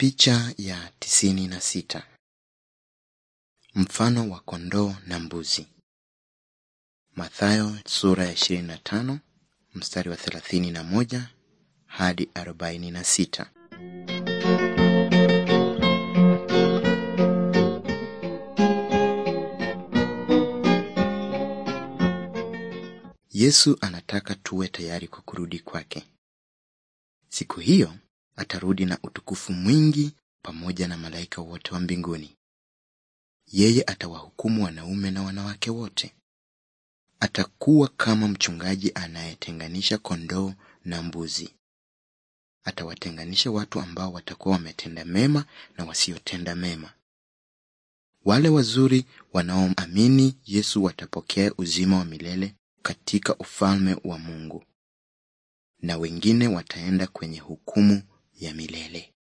Picha ya tisini na sita. Mfano wa kondoo na mbuzi. Mathayo sura ya na tano mstari wa na moja hadi arobaini na sita. Yesu anataka tuwe tayari kwa kurudi kwake. Siku hiyo atarudi na utukufu mwingi pamoja na malaika wote wa mbinguni. Yeye atawahukumu wanaume na wanawake wote. Atakuwa kama mchungaji anayetenganisha kondoo na mbuzi. Atawatenganisha watu ambao watakuwa wametenda mema na wasiotenda mema. Wale wazuri wanaoamini Yesu watapokea uzima wa milele katika ufalme wa Mungu. Na wengine wataenda kwenye hukumu ya milele.